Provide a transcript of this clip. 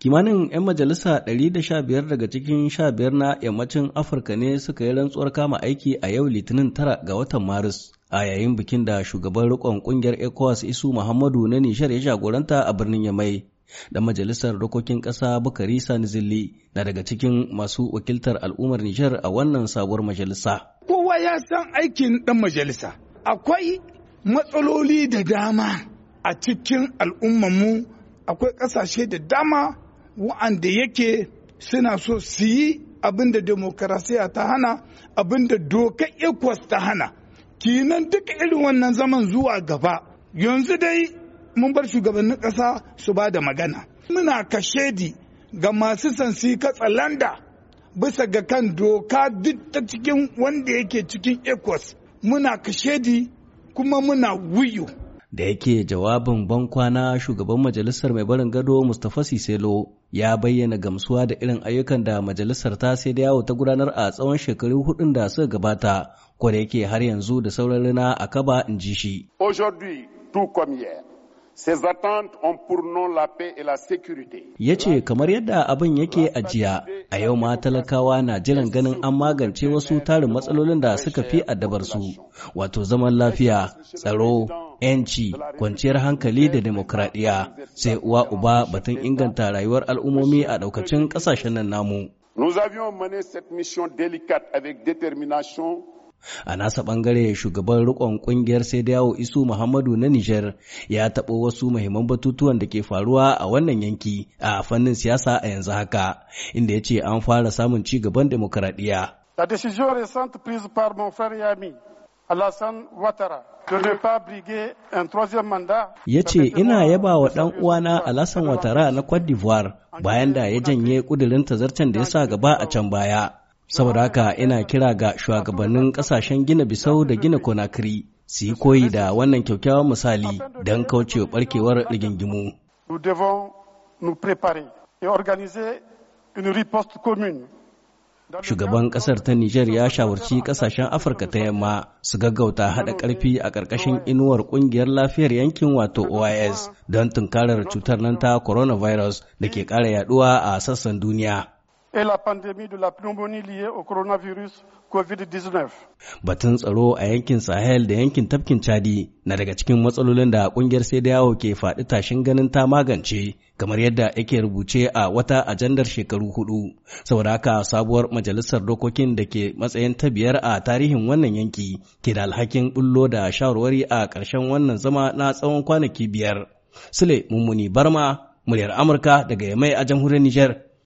Kimanin 'yan majalisa 115 daga cikin 15 na yammacin Afirka ne suka yi rantsuwar kama aiki a yau Litinin tara ga watan Maris a yayin bikin da shugaban rikon kungiyar ECOWAS Isu Muhammadu na Nishar ya jagoranta a birnin Yamai. Da majalisar dokokin ƙasa Bukari Sani Zilli na daga cikin masu wakiltar al'ummar Nishar a wannan sabuwar majalisa. Kowa ya san aikin ɗan majalisa. Akwai matsaloli da dama a cikin mu akwai ƙasashe da dama wa'anda yake suna so su yi abin da demokarasiya ta hana abin da doka ikwas ta hana kinan duka irin wannan zaman zuwa gaba yanzu dai mun bar shugabannin ƙasa su ba da magana muna kashedi ga masu sansi katsalanda bisa ga kan doka duk ta cikin wanda yake cikin ikwas muna kashedi kuma muna wuyu da yake jawabin Ban kwana shugaban majalisar mai barin gado mustapha siselo ya bayyana gamsuwa da irin ayyukan da majalisar ta sai da yawo ta gudanar a tsawon shekaru hudun da suka gabata ko da yake har yanzu da sauran rina a kaba in ji shi aujourd'hui tout comme hier Ces attentes Ya ce kamar yadda abin yake a jiya, a yau ma talakawa na jiran ganin an magance wasu tarin matsalolin da suka fi addabar su, wato zaman lafiya, tsaro, 'yanci, kwanciyar hankali da demokradiyya sai uwa uba batun inganta rayuwar al'ummomi a daukacin ƙasashen nan namu. A nasa ɓangare, shugaban rikon ƙungiyar sai da yawo Isu Muhammadu na Nijar ya taɓo wasu muhimman batutuwan da ke faruwa a wannan yanki a fannin siyasa a yanzu haka, inda ya ce an fara samun ci gaban demokradiyya. La décision récente prise par mon frère Ya ce ina yaba wa ɗan uwana Alassane watara na Cote d'Ivoire bayan da ya janye ƙudurin tazarcen da ya sa gaba a can baya. Saboda haka ina kira ga shugabannin ƙasashen Gina Bisau da Gina konakiri su yi koyi da wannan kyaukyawan misali don kaucewa barkewar rigingimu. Nous devons nous préparer et organiser une riposte commune shugaban kasar ta Nijar ya shawarci kasashen Afirka ta yamma su gaggauta haɗa ƙarfi a ƙarƙashin inuwar ƙungiyar lafiyar yankin wato OIS don tunkarar cutar nan ta coronavirus da ke ƙara yaduwa a sassan duniya. et la pandémie de la pneumonie liée au coronavirus COVID-19. Batun tsaro a yankin Sahel da yankin tafkin Chadi na daga cikin matsalolin da kungiyar sai da yawo ke faɗi tashin ganin ta magance kamar yadda yake rubuce a wata ajandar shekaru hudu. Saboda haka sabuwar majalisar dokokin da ke matsayin ta biyar a tarihin wannan yanki ke da alhakin bullo da shawarwari a ƙarshen wannan zama na tsawon kwanaki biyar. Sule Mummuni Barma, muryar Amurka daga Yamai a jamhuriyar Nijar.